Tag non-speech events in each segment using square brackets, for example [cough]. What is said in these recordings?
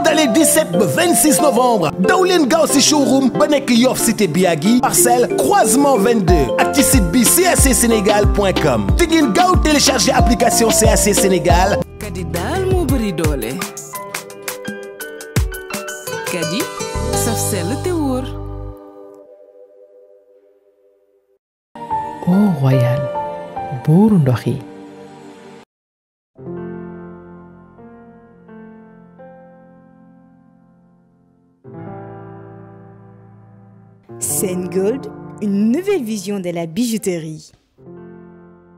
d'aller 17 26 novembre Dowling leen showroom ba nekk Yoff cité biagi, parcelle croisement 22 ak ci téléchargez cac sénégal cac sénégal kadi Dal Moubri Dole. kadi CN Gold, une nouvelle vision de la bijouterie.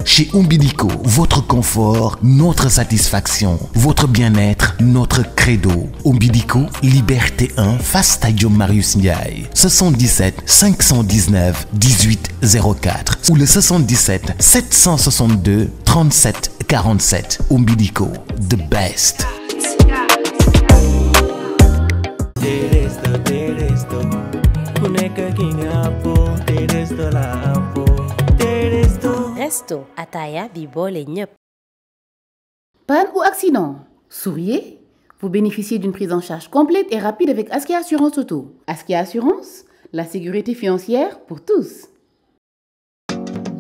Chez Umbilico, votre confort, notre satisfaction, votre bien-être, notre credo. Umbilico, Liberté 1, face Stadium Marius Ndiaye. 77 519 1804 ou le 77 762 37 47. Umbilico, the best. resto panne ou accident souriez vous bénéficiez d'une prise en charge complète et rapide avec Aski Assurance Auto Aski Assurance la sécurité financière pour tous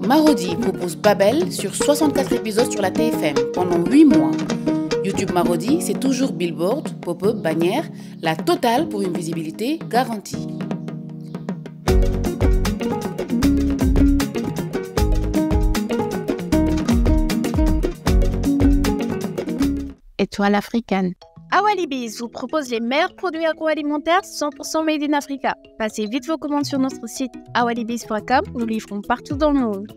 Marodi propose Babel sur 64 épisodes sur la TFM pendant 8 mois YouTube Marodi, c'est toujours billboard, pop-up, bannière, la totale pour une visibilité garantie. étoile africaine. Awalibis vous propose les meilleurs produits agroalimentaires 100% made in Africa. Passez vite vos commandes sur notre site awalibis.com, nous livrons partout dans le monde.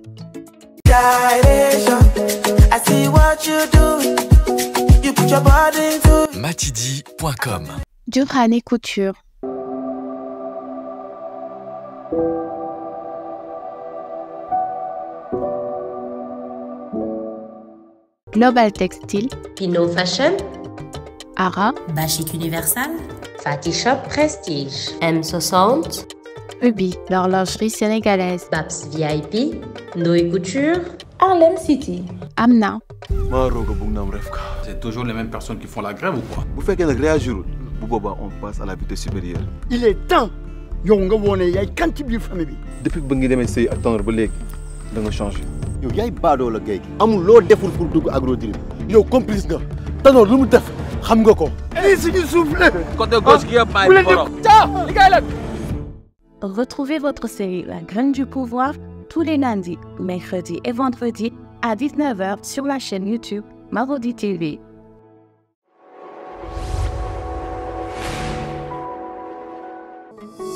Matidi.com et Couture Global Textile, Pinot Fashion, Ara, Bachik Universal, Fatishop Shop Prestige, M60, Ruby, l'horlogerie sénégalaise, Babs VIP, Noé Couture, Harlem City, Amna. C'est toujours les mêmes personnes qui font la grève ou quoi Vous faites qu'elle réagir, on passe à la vitesse supérieure. Il est temps yow wone yaay kanti biir famille bi depuis que vous que sëy ak tendre ba changé yow yaay baadoo la géej amul loo deful pour dugg Agro drip. yow complice nga Tanor lu mu def xam nga ko. lii suñu suuf la. côté gauche gi yëpp maay borom Retrouvez votre série La Graine du Pouvoir tous les lundis, mercredis et vendredis à 19h sur la chaîne YouTube Marodi TV.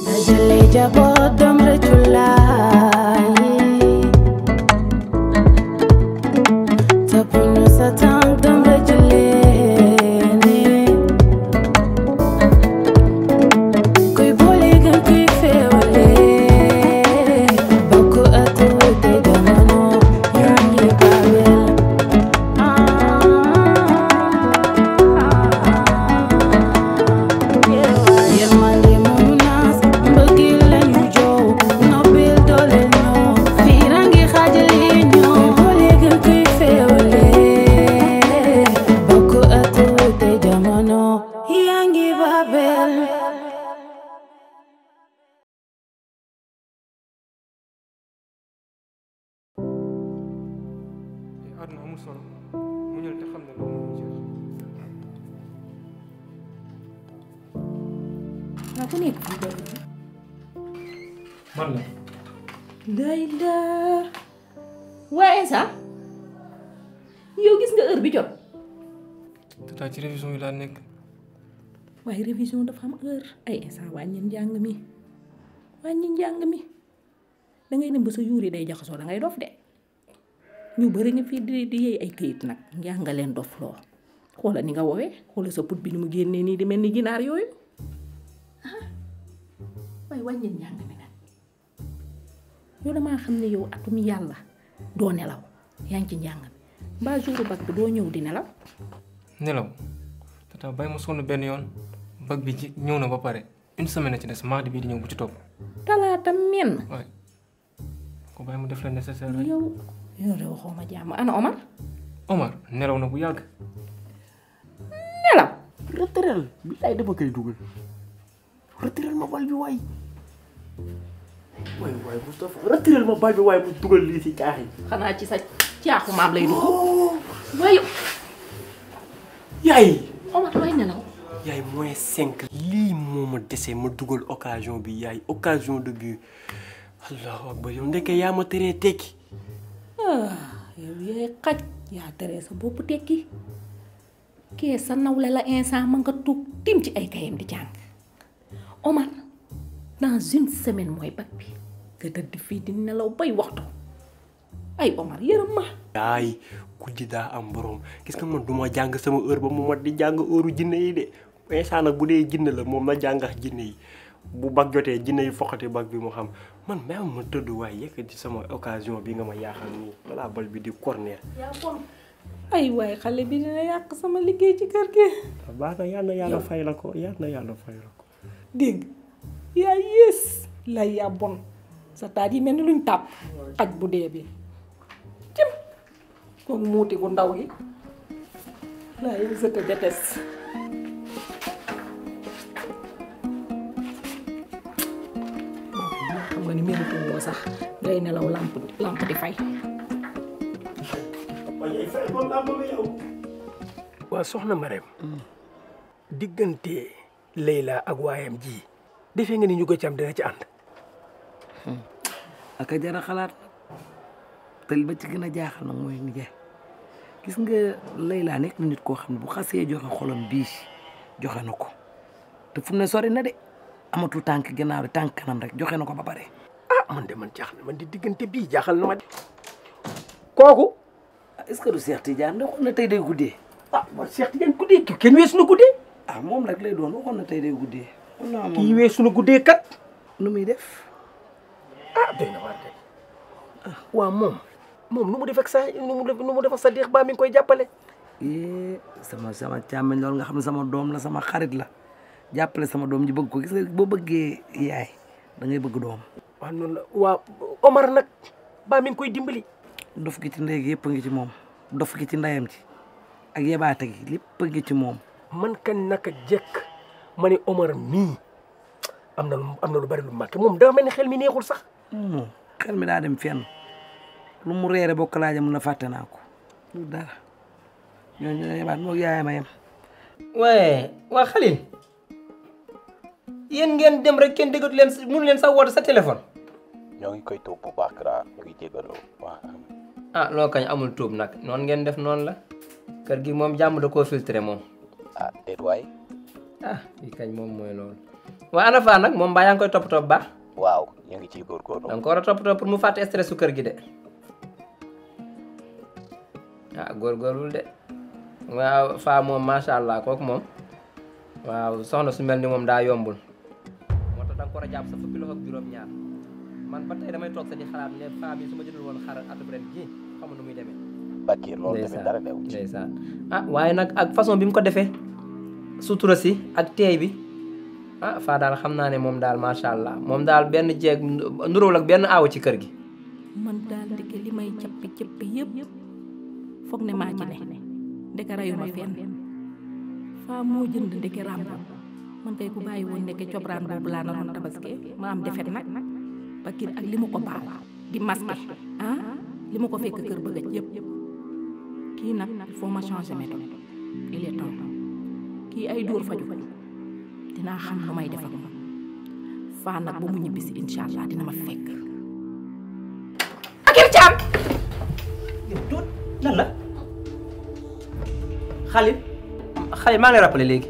dajale jaboot doom rëccu It's a time. waaye révision dafa am heure ay instant wàññi njàng mi wàññi njàng mi dangay dem ba sa yuur yi day jaxasoo ngay dof de ñu bëri nga fi di di yey ay këyit nag njàng leen dof loo xoola ni nga wowe xoola sa put bi ni mu génnee nii di mel ni ginaar yooyu waaye wàññi njàng mi nag yow dama xam ne yow atum yàlla doo nelaw yaa ngi ci njàng mi mbaa jouru bag bi doo ñëw di nelaw nelaw tata bay ma sonu benn yoon bag bi ji ñëw na ba pare une semaine a ci des mardi bii di ñëw bu ci topp. talaata menn. ko bàyyi mu def la nécessaire rek. yow yow de waxoo ma jàmm ana na bu yàgg. nelaw. retraite bi mu dugal lii si caax yi. ci sa caaxu lay dugg. Oh. waaye. yaay. Omar waay nelaw. yaay moins 5 li moma déssé ma dougal occasion bi yaay occasion de but allahu akbar yow ndekkee ya ma teree tekki ah, yow yaay xaj ya téré sa bop téki ké sa nawlé la instant ma nga tuk tim ci ay kayem di jang Omar dans une semaine moy bac bi nga tëdd fi di nelaw bay waxtu ay Omar yeureum ma ay kujida am borom gis nga man duma jang sama heure ba mu mat di jang heure jinne yi de instant sana budé jinn la mom la jangax jinn yi bu bag joté jinn yi foqati bag bi mo xam man même ma way yek ci sama occasion bi nga ma yaaxal ni balaa bal bi di corner ay way xalé bi dina yàq sama liggéey ci kër gi ah, ba na yalla yalla fay la ko yàlla yalla fay la ko deg ya yes la ya bon sa ta di mel luñ tap xaj bu bi cim ko muti ko ndaw yi la yow te sax ngay nelaw lampu làmp di fay. wa soxna marem diggante leila ak wayam ji defe nga ni ñu ko cam dina ci and ak jara xalat te ba ci gëna jaaxal nak moy mooy nijaay gis nga leila nek na nit ko xam bu xasse joxe xolam bi joxe nako te fu ne sori na de amatu tank ginaaw tank nam kanam rek joxe nako ba bare man de man jaaxal man di digënté bi jaxal na ma. kooku. est-ce que Cheikh Tidiane waxon na tay day goudé ah man Cheikh Tidiane goudé ki ken weesu na guddee. ah mom rek lay doon waxon na tay day goudé ki weesu na guddee kat. numuy def. ah day na waar ah wa mom mom numu def ak sa numu mu def nu def ak sa deex ba mi ngi koy jàppale. sama sama tiam lool nga xam sama dom la sama xarit la jappalé sama dom ji bëgg ko gis nga boo bëggee yaay da ngay bëgg dom waaw noonu la waa Omar nag baa mi ngi koy dimbali. dof gi ci ndey gi yëpp a ngi ci moom dof gi ci ndeyam ci ak yebaate gi lépp a ngi ci moom. man kañ naka jekk ma ne Omar mii am na lu am na lu bari lu manqué moom dafa mel ni xel mi neexul sax. xel mi daa lu mu reere bokk laaja na fàtte naa ko dara ñooñu ne yebaat moom yaayama yem. waaye waa yen ngeen dem rek ken déggat len mënu len sa wote sa telephone ñoo ngi koy top bu baax ngi jégalo ah lo kañ amul top nak non ngeen def non la kër gi mom jamm da ko filtrer mom ah déet way ah yi kañ mom moy lool wa ana faa nag ba mbaa yaa koy top top ba waaw ñu ngi ci gor gor ko top pour mu stress kër gi de. ah gorul de waaw fa mom machallah kok mom. waaw soxna su melni mom da yombul. ko jàpp sa fukki loxo ak man ba damay toog sa di xalaat ne femme yi muy demee. Bakir ah, waaye nag ak façon bi mu ko defee sutura si ak teey bi ah faa daal xam naa ne moom daal macha allah moom daal benn jeeg nuróol ak benn aaw ci kër gi. man daal dëgg li may cappi cappi yëpp foog ne maa ne ndeke rayu ma faa moo jënd ndeke ràmbam. man kay ku bàyyi woon nekk cobraan boobu laa naroon tabaski ma am defet nag bakir ak li ma ko baal di masqué ah, li ma ko fekk kër bëgg yëpp kii nag il faut ma changer kii ay dóor faju dinaa xam lu may def ak moom faa nag ba mu ñibbisi incha allah dina ma fekk. Akir Thiam. yow tuut maa ngi lay léegi.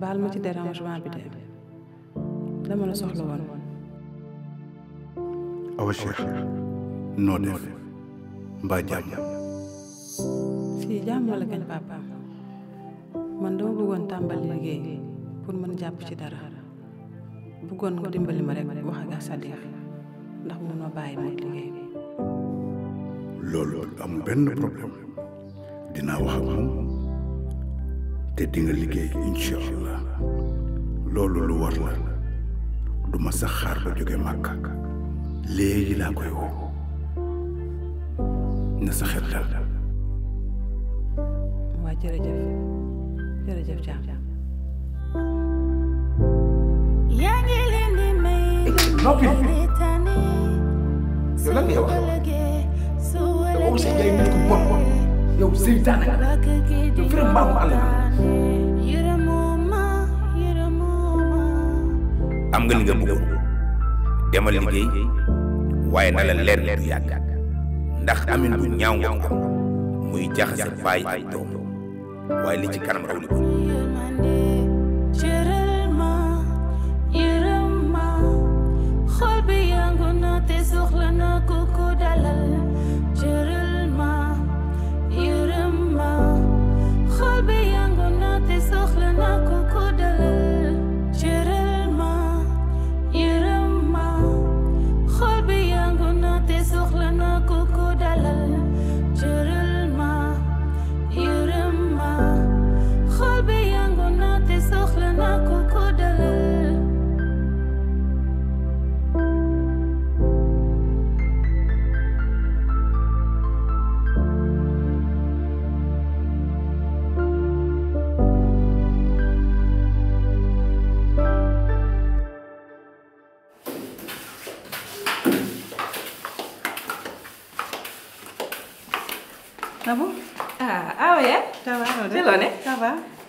baal ma ci dérangement bi de dama la soxla woon. awa Cheikh noo def mbaa jàmm. fii jàmm la kañ papaam man dama bëggoon tàmbali liggéey pour mën jàpp ci dara bëggoon nga dimbali ma rek wax ak Sadiq ndax bàyyi ma liggéey loolu am benn te di liggéey incha loolu lu war du ma sax xaar jóge màkk léegi laa koy woo na sa xel dal waa jërëjëf jërëjëf jaam jaam yaa ngi leen di may noppi yow lan ngay wax yow Ousseyn Ndiaye nit am nga li nga bëggoon demal liggéey waaye na la leer du yàgg ndax amin bu ñaaw nga am muy jaxase baay ak doom waaye li ci kanam raw li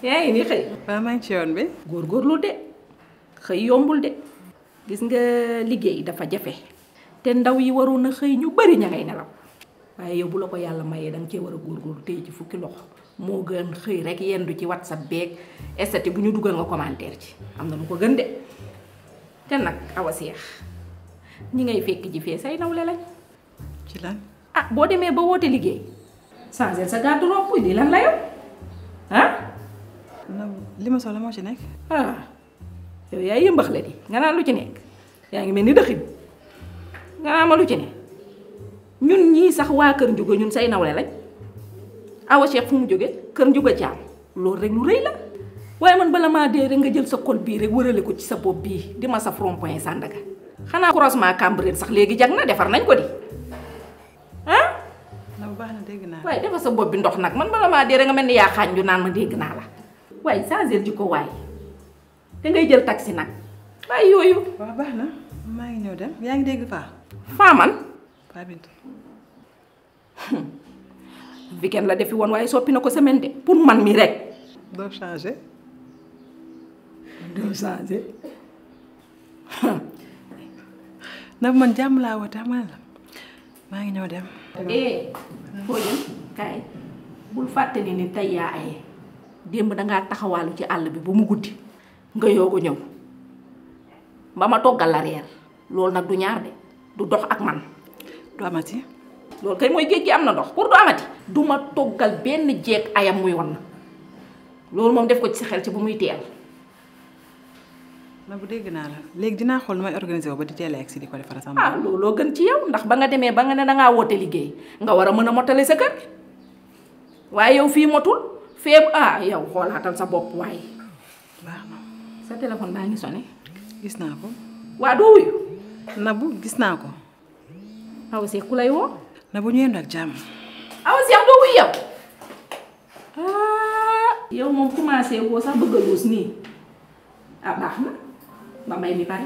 yaa ngi xëy. waaw maa ci yoon bi. góorlu de xëy yombul de. gis nga liggéey dafa jafe. te ndaw yi waroon na xëy ñu bari ña ngay nelaw. waaye yow la ko yàlla mayee da nga cee war a góor góorgóorlu tey ci fukki loxo moo gën xëy rek du ci wat sa beeg estati bu ñu dugal nga commentaire ci am na lu ko gën de te nag awaseex seex ñi ngay fekk ji fee say nawle lañ. ci lan ah boo demee ba woote liggéey changer sa garde-robe bi lan la yow Nah, lima ma soxla moo ci nekk. ah yow yaay yëmbaxle di nga naan lu ci nekk yaa ngi mel ni dëxin nga naan ma lu ci ne ñun ñii sax waa kër Ndiouga ñun say nawle lañ awa Cheikh fu mu kër rek lu la. man bala maa dee rek nga jël sa col bi rek wërale ko ci sa bopp bii di ma sa front point Sandaga xanaa croisement Cambérène sax léegi jag na defar nañ ko di ah. na bu baax na dégg naa waaye defar sa bopp bi ndox nak man bala maa dee rek nga mel ni yaa xaañ ma dégg la. waaye changer jikko waay te ngay jël taxi nag waaye yooyu. waaw baax na maa ngi ñëw dem yaa ngi dégg faa. faa man. faa Bintu. Hmm. weekend la defi won waaye soppi na ko semaine de pour man mi rek. doo changé doo changé. [laughs] ndax man jàmm laa woote xam la maa ngi ñëw dem. Eh, foo jëm kaay bul fàttali ni tey yaa aye. démb da nga taxawalu ci all bi bu mu guddi nga yoogu ñew ba ma togal la reer lool nak du ñaar de du dox ak man du amati lool kay moy géej gi amna dox pour du amati du ma toggal benn ayam muy won lool mom def ko ci xel ci bu muy teel na bu deg na la leg dina xol nu may organisé ba di teel ak ci di ko defal sama. ah looloo gën ci yow ndax ba nga demee ba nga ne da nga woote liggéey nga wara mëna motalé sa kër waye yow fi motul feeb ah yow xoolaatal sa bopp waaye. baax sa téléphone baa ngi sonné. gis naa ko. waa doo wuyu. Nabou gis naa ko. aw Seex ku lay woo. Nabou ñu yendu ak jàmm. aw doo wuyu yow. Ah, yow moom commencé woo sax bëgg a luus nii ah baax na ba may mi pare.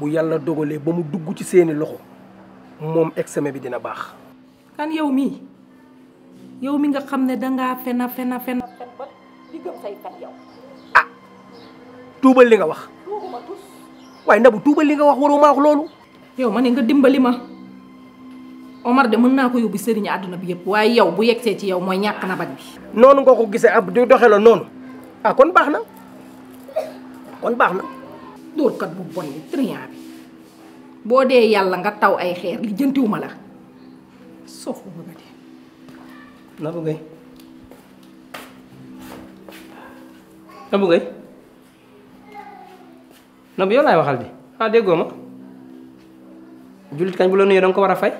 bu yalla dogalee ba mu dugg ci seeni loxo mom examen bi dina bax kan yow mi yow mi nga xamné da nga fena fena fena gëm say fen yow. ah tuubal li nga wax. tuubuma ndabu tuubal li nga wax waroo wax lolu yow mané nga dimbali Omar de mën na ko yobbi serigne aduna bi yépp waaye yow bu yexé ci yow moy ñak na bañ bi. nonu nga ko gisee ab du doxé la nonu ah kon baxna kon baxna dóorkat bu bon bi triant bi boo dee yàlla nga taw ay xeer li jëntiwuma la soof bu bëgg a dee Nabou Gueye Nabou Gueye Nabou yow laay waxal bi ah déggoo ma jullit kañ bu la nuyoo danga ko war a fay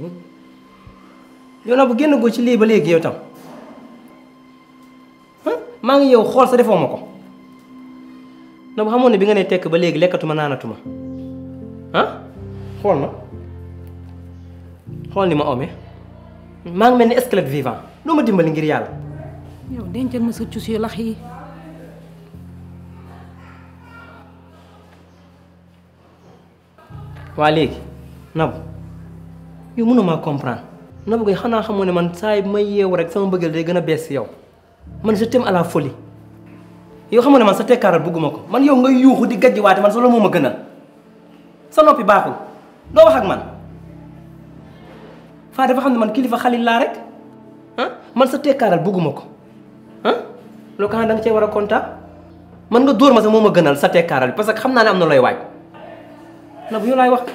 hmm. yow bu génn goo ci lii ba léegi yow tam hmm? maa ngi yow xool sa defoo ma ko na bu xamoon ne bi nga ne tekk ba léegi lekkatuma naanatuma ah xool ma xool ni ma ome maa ngi mel ni squelette vivant loo ma dimbali ngir yàlla. yow dencal ma sa cus yu lax yi. waa léegi Nabou yow mënumaa comprendre Nabou kay xanaa xamoo ne man saa yi ma yeewu rek sama bëggeel day gën a bees yow man je t'aime à la yow xam nga ne man sa tekkaaral bëgguma ko man yow ngay yuuxu di gajjiwaate man sa loolu moo ma gënal sa noppi baaxul doo wax ak man faa dafa xam ne man kilifa xalil laa rek man sa tekkaaral bugguma ko loo ko xam cee war a konta man nga dóor ma sa moom a gënal sa tekkaaral bi parce que xam naa ne am na looy waaj na bu laay wax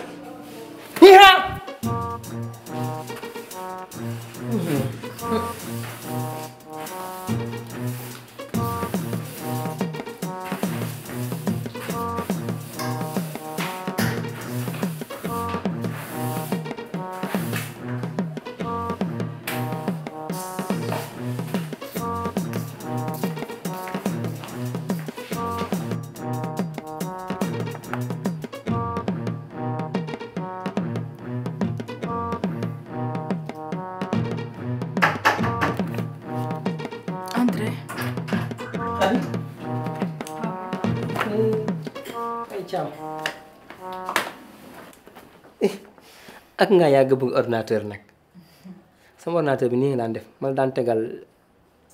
Ciao. Eh, ak nga yàgg bëgg ordinateur nag sama ordinateur bi nii nga daan def ma daan tegal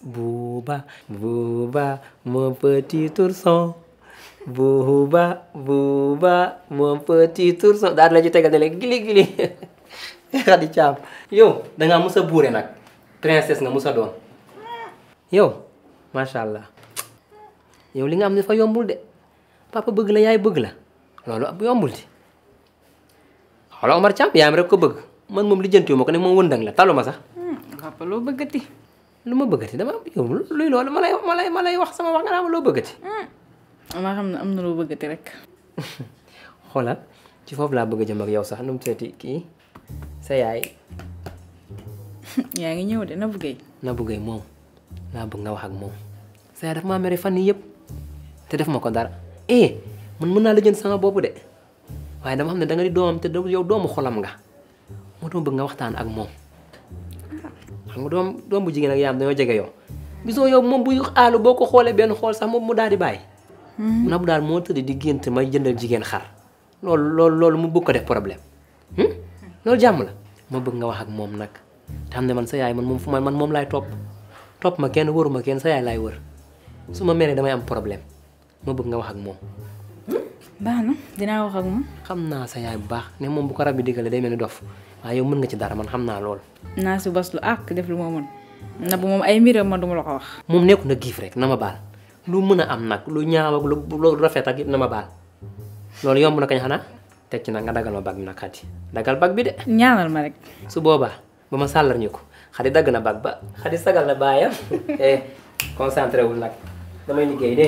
buba, buba, mon petit ourson Buba buba mon petit ourson daal la ci tegal ne gili gili [laughs] xadi di Yo, da ngaa musa a nak. nag princesse nga mus a doon yow macha allah li nga am yombul de papa bëgg la yaay bëgg la loolu ab yombul ci Omar Thiam ah? hmm, ya rek ko bëgg man moom lijjantiwu ma ko ne moom wëndang la taluma sax. papa lo bëggati. lu ma bëggati dama yow luy loolu ma lay ma lay ma wax sama wax nga naa ma loo bëggati. maa xam ne am na loo bëggati rek. xoolal ci foofu la bëgg jëm ak yow ya sax num mu ki sa [laughs] yaay. yaa ñëw de Nabou Guèye. Nabou mom la bëgg nga wax ak mom sa yaay daf ma fan yépp def mako dara eh man mën naa la jënd sama bop de waye dama xam da nga di dom te yow dom xolam nga mo doon bëgg nga waxtaan ak mom xam nga dom doom bu jigen ak yaam dañu jégué yow biso yow mom bu xalu boko xolé ben xol sax mom mu daal di bàyyi na bu daal mo teudi di gént may jëndal jigen xar loolu loolu loolu mu bëgg ko def problème hmm? loolu jamm la mo bëgg nga wax ak mom nak te man sa yaay man mom fu man mom lay top top ma kenn wëru ma kenn sa yaay lay wër suma ma damay am problème mo bëgg nga wax ak moom. baax na dinaa wax ak moom. xam sa yaay bu baax ne mom bu ko rabbi bi day melni dof waaye yow mën nga ci dara man xam lool. Na su bas lu ak def lu ma mën na bu mom ay mbiram ma duma la ko wax. Mom neeku na gif rek nama bal. lu mëna am nak lu ñaaw ak lu rafet ak nama bal, ma yomb na kañ xanaa ci na nga dagal ma bag bi nag dagal bag bi de. ñaanal ma rek. su boba ba ma salar ñuko. xadi dag na bag ba xadi sagal na [laughs] eh concentré wul nak. damay liggéey de.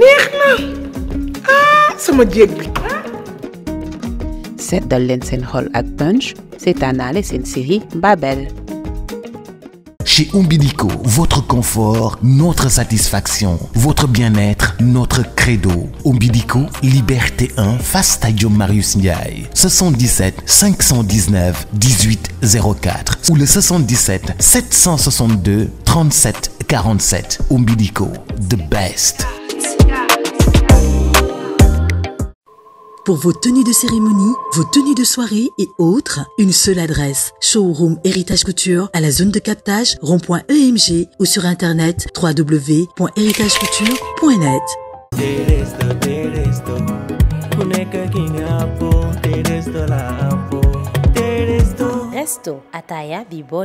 C'est de ah sama at Punch, c'est leen seen xol ak punch série Babel. Chez Umbilico, votre confort, notre satisfaction, votre bien-être, notre credo. Umbilico, Liberté 1, face Stadium Marius Ndiaye. 77 519 1804 ou le 77 762 37 47. Umbilico, the best. Pour vos tenues de cérémonie, vos tenues de soirée et autres, une seule adresse. Showroom Héritage Couture à la zone de captage rond.emg ou sur internet www.héritagecouture.net. Resto Ataya Bibo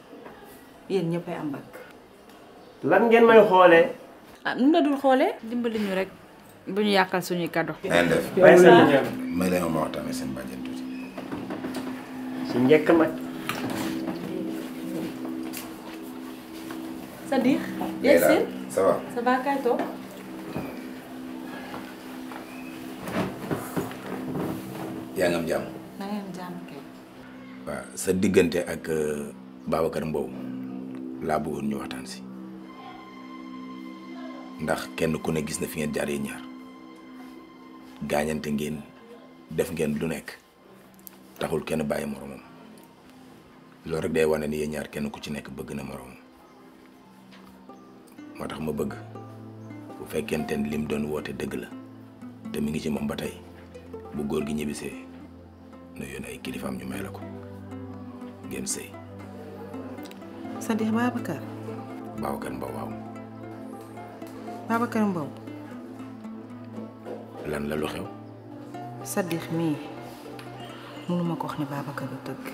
yéen ñëpp ay am bakk. lan ngeen may xolé ah nu la dul xolé dimbali ñu rek bu ñu yàqal suñuy cadeau. nañ def bàyyi may leen ma waxtaanee seen bàjjen tuti si njëkk ma sadiq Yassine ça va ça va kay to ya ngam jam ngam jam kay. wa sa digënté ak euh, babakar Mbow. laa bëggoon ñu waxtaan si ndax kenn ku ne gis na fi ngeen jaar yéen ñaar gaañante ngeen def ngeen lu nekk taxul kenn bàyyi moromam loolu rek day wane ni yéen ñaar kenn ku ci nekk bëgg na moromam moo tax ma bëgg bu fekkente ni lim doon woote dëgg la te mu ngi ci moom ba tey bu góor gi ñibbisee na yoon ay kilifam ñu may la ko ngeen sëy c'est-à-dire Mbow waaw. Babacar Mbow. lan la lu xew. Sadikh mii mënuma ko wax ne Babacar du tëgg.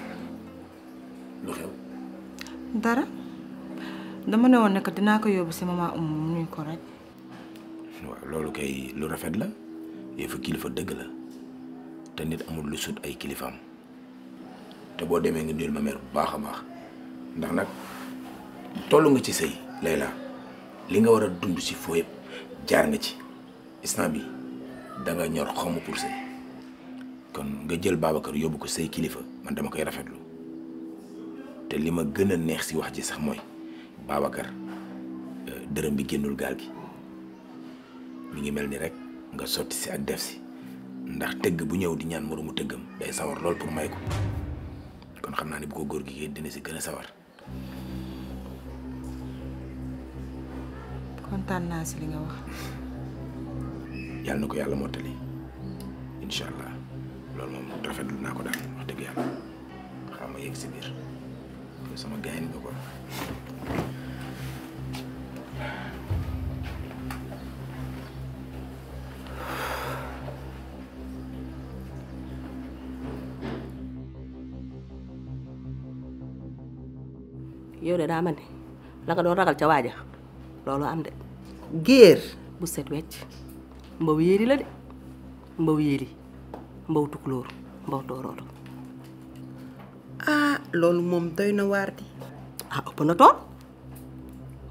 lu xew. dara dama ne woon ne dinaa ko yóbbu si maman Oumou mu nuyu ko rek. waaw loolu kay lu rafet la yëfu kilifa dëgg la te nit amul lu sut ay kilifaam te boo demee nga déglu ma mère bu baax a baax ndax nag. tollu nga ci sëy Layla li nga war a dund ci foo yëpp jaar nga ci instant bi danga ñor xawma pour sëy kon nga jël Babacar yóbbu ko sëy kilifa man dama koy rafetlu te li ma gën a neex si wax ji sax mooy baabakar euh, dërëm bi génnul gaal gi mu ngi mel ni rek nga sotti si ak def si ndax tëgg bu ñëw di ñaan moroomu tëggam day sawar lool pour may ko kon xam naa ne bu ko góor gi dina si gën a sawar kontaan naa li nga wax. yalla nako yalla motali inshallah incha mom rafet moom rafetlu naa ko wax deug yalla xaaral yegg ci bir sama gain nga ko. yow de da man la nga do ragal ca waja loolu am de géer bu set wecc mbaw yéeri la de mbaw yéeri mbaw tukulóor mbaw ah, loolu moom doy na waar di ah ëpp na tool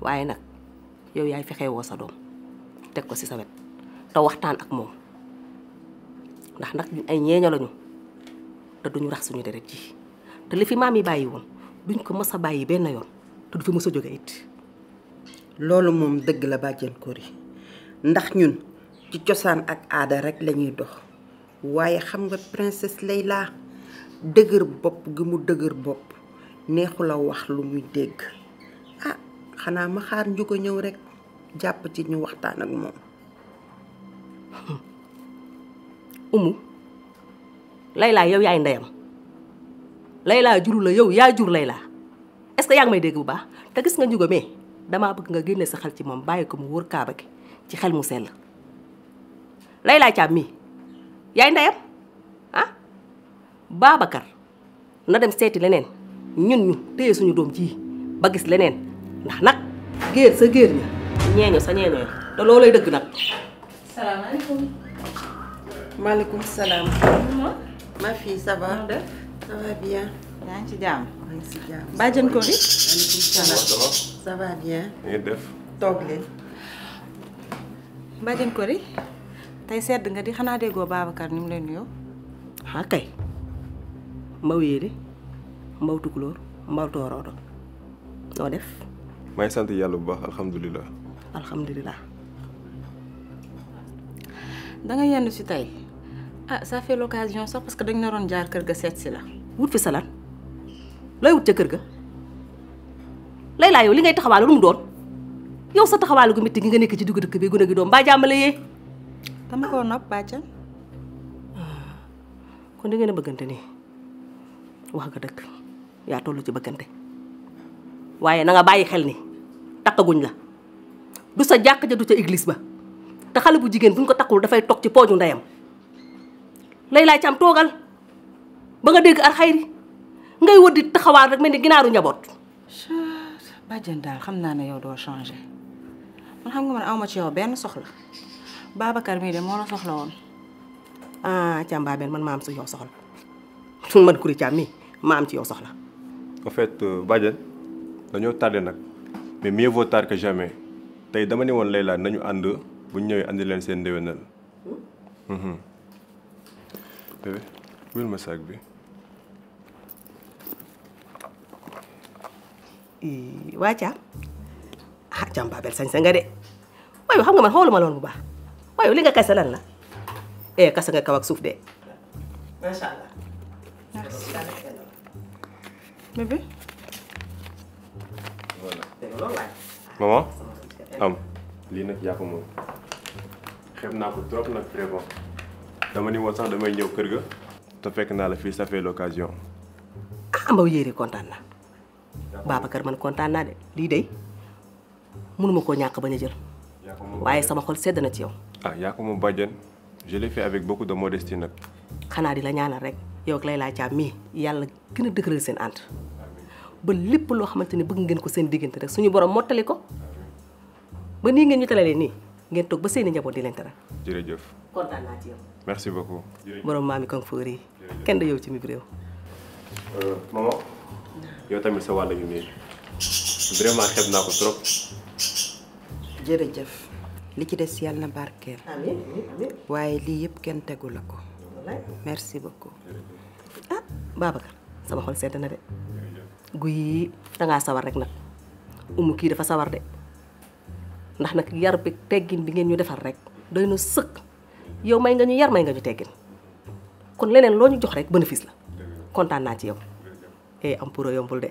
waaye nag yow yaay fexe sa doom teg ko ci sa wet te waxtaan ak moom ndax ndax ñu ay ñeeño lañu te duñu rax suñu deret ji te li fi maam yi bàyyi woon duñ ko mës a bàyyi benn yoon te du fi mës a jóge it loolu mom deug la bàjjen Cory ndax ñun ci ciosan ak aada rek lañuy dox waye xam nga princesse leila dëgër bop gi mu dëgër bop neexu la wax lu muy deg ah xana ma xaar njugo ñew rek japp ci ñu waxtaan ak mom [laughs] umu leila yow yaay ndeyam leila juru la yow juru jur leila est-ce que yaag may deg bu baax te gis nga damaa bëgg nga génne sa xel ci moom bàyyi ko mu wër kaaba gi ci xel mu sell Layla Thiam mii yaay ndeyam ah na dem seeti leneen ñun ñu téye suñu doom ji ba gis leneen ndax nag géer sa géer ña ñeeño sa ñeeño te loolay dëgg nag salaamaaleykum maaleykum salaam ma fii ça va Ça va bien. yaa ngi ci jàmm. maa Kori. ça va bien. def. toog leen. Kori tey sedd nga di xanaa déggoo Babacar ni lay nuyoo. ah kay mbaw yéene mbaw tukulóor mbaw tooroodo noo def. maa sant yàlla bu baax alhamdulilah. alhamdulilah. da nga yenn si tey ah ça fait l'occasion sax parce que dañ na jaar kër ga la wut fi salan looy wut ca kër ga lay laa yow li ngay taxawaale lu mu doon yow sa taxawaale gu métti gi nga nekk ci diggu dëkk bi gune gi doom mbaa jàmmale yee dama koo nopp bàccan ah, kon di ngeen a bëggante nii wax nga dëkk yaa toll ci bëggante waaye na nga bàyyi xel ni takkaguñ la du sa jàkk ja du ca église ba te xale bu jigéen buñ ko takkul dafay toog ci pooju ndeyam lay laa ci am toogal ba nga dégg alxayri ngay wër di taxawaal rek mel ni ginaaru njaboot. bàjjen daal xam naa ne yow doo changé man xam nga man awma ci yow benn soxla Babacar mii de moo la soxla woon. ah Càmbaabeen man maam si yow soxla [laughs] ci yow soxla. en fait euh, bàjjen dañoo tardé nag mais mieux vaut tard que jamais tey dama ne woon laa nañu ànd bu ñu ñëwee andi leen seen ndéwénal. bébé hmm? mhm. eh, wil ma saag bi. waa Thiam ah Thiam Babel sañ nga de waaye xam nga man xooluma loon bu baax waaye li nga kase lan la eh kase nga kaw ak suuf de. macha am lii nag yaa ko moom xeeb naa ko trop nag vraiment dama ni woon sax damay ñëw kër ga te fekk naa la fii ça fait ah Mbaw yéeri kontaan na. Babacar man kontaan naa de li de mënuma koo ñak baña jël. waye sama xol sedna ci yow. ah ya ko mo bajjen je l'ai fait avec beaucoup de modestie nak kan xana ya, ya, di la ñaanal rek yow ak Layla Thiam mii yalla gëna a dëgëral seen ant ba lepp lo xamanteni bëgg ngeen ko seen digënté rek suñu borom motali ko ba ni ngeen ñu talalé ni ngeen tok ba seen njaboot di leen teral. jërëjëf kontaan naa ci yow. merci beaucoup. borom mami yi kooku fóor kenn da yow ci mi rew euh mama yow tamit sa walu ñu nii vraiment xeb na ko trop. jef li ci dess yalla na amin. amin amiin waaye lii yëpp kenn merci beaucoup. ah Babacar sama xol sét na dé guy nga sawar rek nak umu ki dafa sawar dé ndax nak yar bi teggin bi ngeen ñu defar rek doy sëkk yow may nga ñu yar may nga ñu teggin kon leneen jox rek bénéfice la contane na ci yow e ampuro yombul de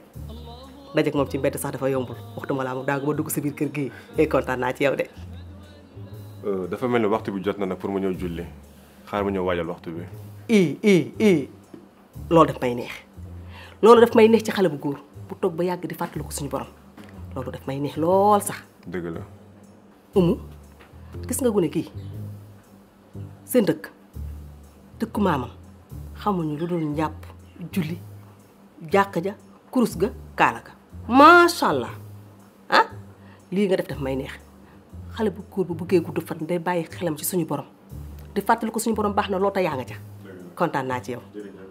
dajak mom ci mbedd sax dafa yombul waxtu mala am daagu ma dugg ci bir kër gi e contant na ci yow de euh dafa melni waxtu bi jot na nak pour ma ñew julli xaar ma ñew wajal waxtu bi i i i lolou daf may neex lolou daf may neex ci xalé bu goor bu tok ba yag di fatlu ko suñu borom lolou daf may neex lol sax deug la umu gis nga gune ki seen dekk dekk mamam xamuñu ludul ñap julli jakka ja kurus ga kala ga macha allah ah lii nga def daf may neex xale bu koor bu bëgge guddu fat day bayyi xelam ci suñu borom di fàttali ko suñu borom baax na ta ya nga ja contane na ci yow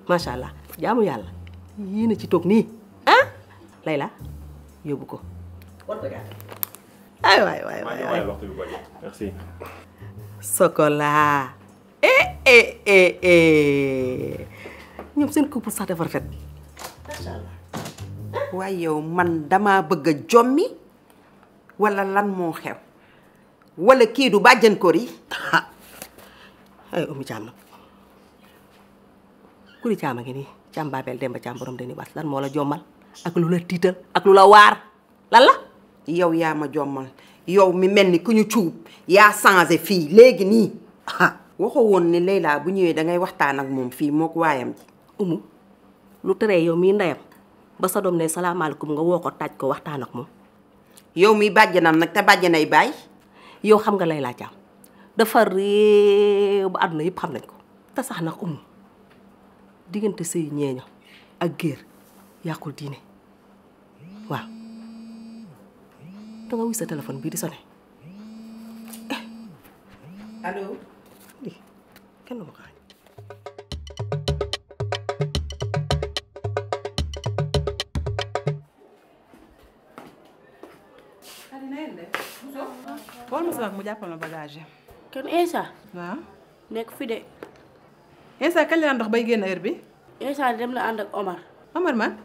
macha allah jaamu yalla yéen ci tok ni han ah, Layla yobbu ko way way way ay way waay waay merci Sokola eh eh eh eh ñoom seen couple sax dafa rafet waaye yow man damaa bëgg a jommi wala lan moo xew wala kii du bàjjan kor yi ay umu caam ku di caam a ngi nii caam baabel demba caam borom deni baas lan moo la jommal ak lu la tiital ak lu la waar lan la yow yaa ma jommal yow mi mel ni ku ñu cuub yaa changé fii léegi nii waxo woon ni Leyla bu ñëwee dangay waxtaan ak moom fii mook waayam ji umu lu teree yow mi ndeyam ba sa doom ne salaamaaleykum nga woo ko taaj ko waxtaan ak moom. yow mi bàjjanam nag te bàjjanay baay. yow xam nga lay laa jaam dafa réew ba àdduna yépp xam nañ ko te sax nag umu diggante sëy ñeeño ak géer yàqul diine waaw danga wuy sa téléphone bii di sone eh. allo. wala ma mu jàppal ma bagage yi. kon Insa. waaw nekk fi de. Insa kañ la daan dox bay génn heure bi. Insa dem la ànd ak Omar. Omar man.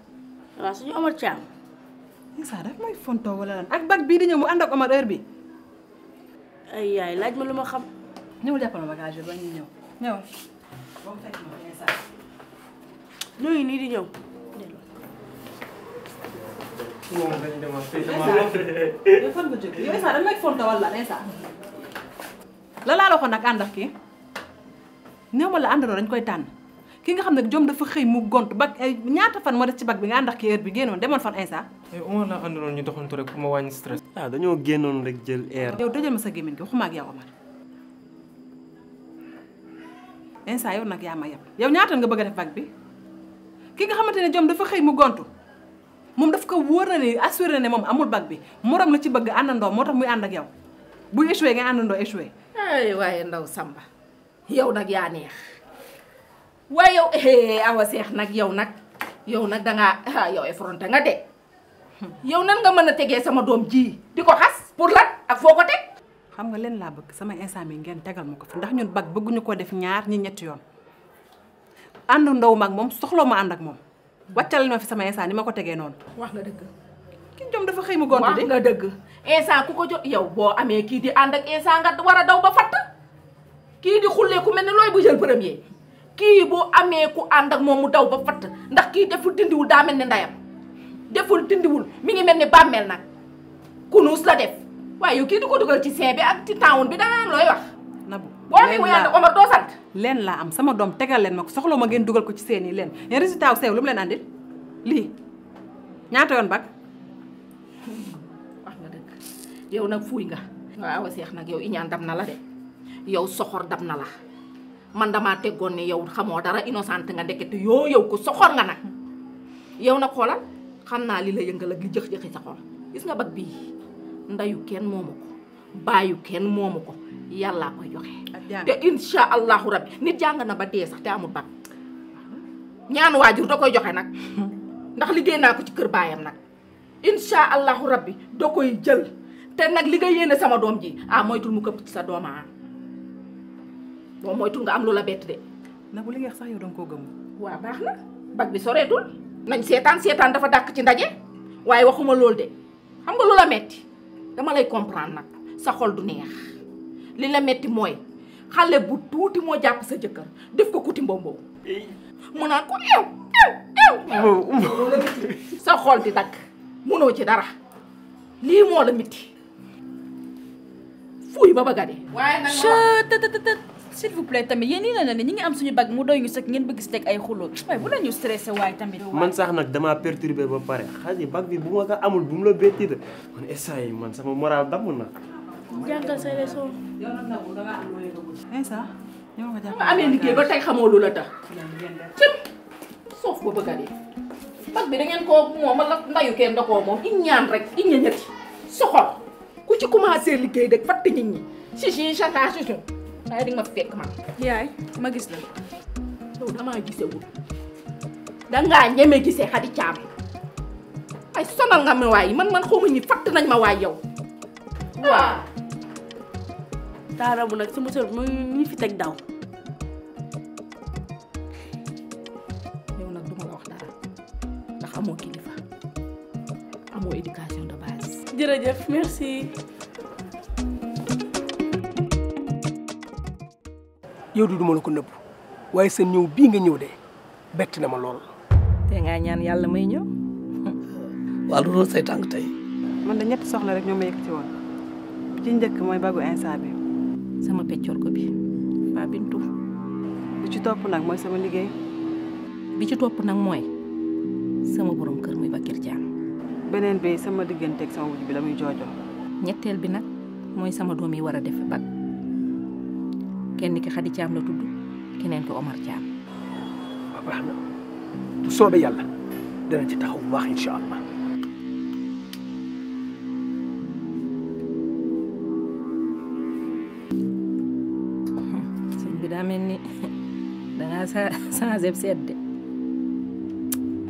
waaw suñu Omar Thiam. Insa daf may fontoo wala lan ak bag bii di ñëw mu ànd ak Omar heure bi. ay laaj ma lu ma xam. ñëwul jàppal ma bagage ba ñu ñëw ñëw. ba mu fekk di ñëw. moom dañu demoon tey damaa. yow nag ànd ak kii ma la àndandoo dañ koy tànn ki nga xam ne jom dafa xëy mu gont ba ay ñaata fan moo des ci bag bi nga ànd ak kii bi génnoon demoon fan Issa. mais ñu doxantu rek pour ma dañoo génnoon rek jël air. yow sa gémmiñ gi waxuma ak nag yaa ma yab yow ñaata nga bëgg a def bag bi ki nga xamante ne jom dafa xëy mu gont mom daf ko wóor na ne assuré ne mom amul bac bi moram la ci bëgg andando motax muy and ak yow bu échoué nga andando échoué. ay waye ndaw Samba yow nak ya neex waaye yow eh, eh awa seex nak yow nak yow nak da nga ah, yow effronté nga dé yow nan nga mëna téggé sama dom ji diko xass pour lan ak foko ko xam nga len la bëgg sama instant mi ngeen tégal ma ko fi ndax ñun bac bëgguñu ñuko def ñaar ñi ñett yoon andu ndaw mak mom soxlo ma and ak mom wàccal ma fi sama instant ni ma ko tegee noonu. wax nga dëgg. ki jom dafa xëy mu gont de. wax nga dëgg instant ku ko jot yow boo amee kii di ànd ak instant nga war a daw ba fatt kii di xullee ku mel ne looy bu jël premier kii bu amee ku ànd ak moom mu daw ba fatt ndax kii deful dindiwul daa mel ni ndayam deful dindiwul mi ngi mel ni bàmmeel nag kunuus la def waaye yow kii di ko dugal ci seen bi ak ci taawun bi dana am looy wax boo amee muy ànd doo sant. leen laa am sama doom tegal leen ma ko soxla ma ngeen dugal ko ci seeni i leen yéen résultat wu sew lu mu leen andil lii ñaata yoon bag wax nga dëgg yow nag fuuy nga. waaw seex nag yow iñaan dam na la de yow soxor dam na la man dama teggoon ne yow xamoo dara innocente nga ndekete yoo yow ko soxor nga nag yow nag xoolal xam naa li la yëngal ak li jëx-jëxi sa gis nga bag bii ndayu kenn moomu ko baayu kenn moomu ko yàllaa koy joxe. te incha allahu rabbi nit jàng na ba dee sax te amul bac ñaan waajur da koy joxe nag ndax liggéey naa ko ci kër baayam nag incha allahu bi da koy jël te nag li nga yéene sama doom ji ah moytul mu këpp ci sa dooma ah moom moytul nga am lu la bett de. na bu li nga sax yow danga koo gëm. waaw baax na bac bi soreetul nañ seetaan seetaan dafa dàq ci ndaje waaye waxuma loolu de xam nga lu la metti dama lay comprendre nag sa xol du neex. li la metti moy xalé bu tuuti mo japp sa jëkkeur def ko kuti mbombo mo nan ko ew ew ew oh. sa xol di tak mëno ci dara li mo la metti fuy ba bagade dee waaye nag s'il vous plaît tamit yéen nii na ñi ngi am suñu bag mu doy ñu sax ngeen bëgg si teg ay xulo waaye bu la ñu stressé way tamit man sax nak dama perturbé ba paré xadi bag bi bu ma ko amul bu mu la bétti de man essaye man sama moral damm na jàngal sa leçon yow nag nag da ngaa am eh, amee liggéey ba tey xamoo lu la tax. cëm soof ba bëgg a dee. bag bi da ngeen koo moom la ndayu kenn da koo moom iñ ñaan rek iñ ña ñetti ku ci commencé liggéey rek fatt nit ñi si si chata si sun waaye di ma fekk man yaay ma gis la yow damaa gisewul dangaa ñeme gisee xadi caam ay sonal nga ma waay man man xaw ma ñi fatt nañ ma waay yow waaw ah. tara bu nak sama sër mu ni fi tek daw yow nak duma wax dara ndax amo kilifa amo éducation de base jërëjëf merci yow du duma lako ko waye waaye sa ñëw bii nga ñew de bet na ma lool te nga ñaan yalla may ñew walu lu doon say tànk tey man da ñet soxla rek ñoo ma yëkkati won ci njëkk moy bagu instant sama ko bi ba bintu bi ci top nak moy sama liggey bi ci top nak moy sama borom keur muy bakir jaam benen be sama digeunte ak sama wujj bi lamuy jojo ñettel bi nak moy sama domi wara def bak kenn ki khadija am la tuddu kenen ko omar jam. baax na bu sobe yalla dana ci taxaw bu baax inshallah changé seet de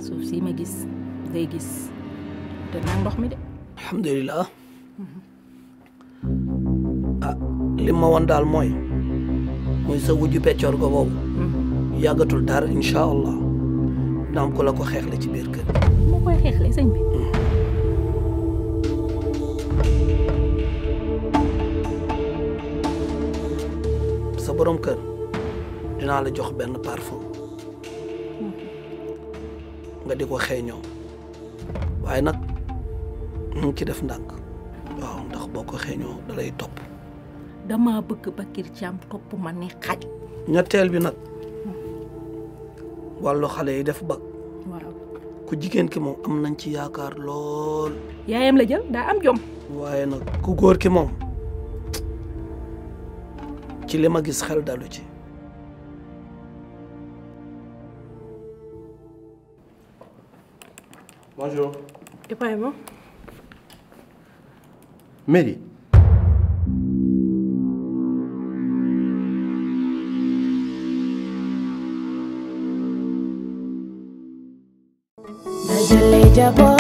suuf si gis ngay gis te naa ndox mi de. alhamdulilah ah li ma woon daal mooy muy sa wujju peccoor ko boobu hmm. yàggatul dara allah naam ko la ko xeexle ci biir kër. moo dinaa la jox benn parfum nga di ko xeeñoo waaye nag ñu ngi ci def ndànk waaw ndax boo ko xeeñoo da lay topp dama bëgg Bakir Thiam topp ma ni xaj ñetteel bi nag wàllu xale yi def bag ku jigéen ki moom am nañ ci yaakaar lool yaayam la jël daa am jom waaye nag ku góor ki moom ci li ma gis xel dalu ci Bonjour. Et pas Mary. Mary.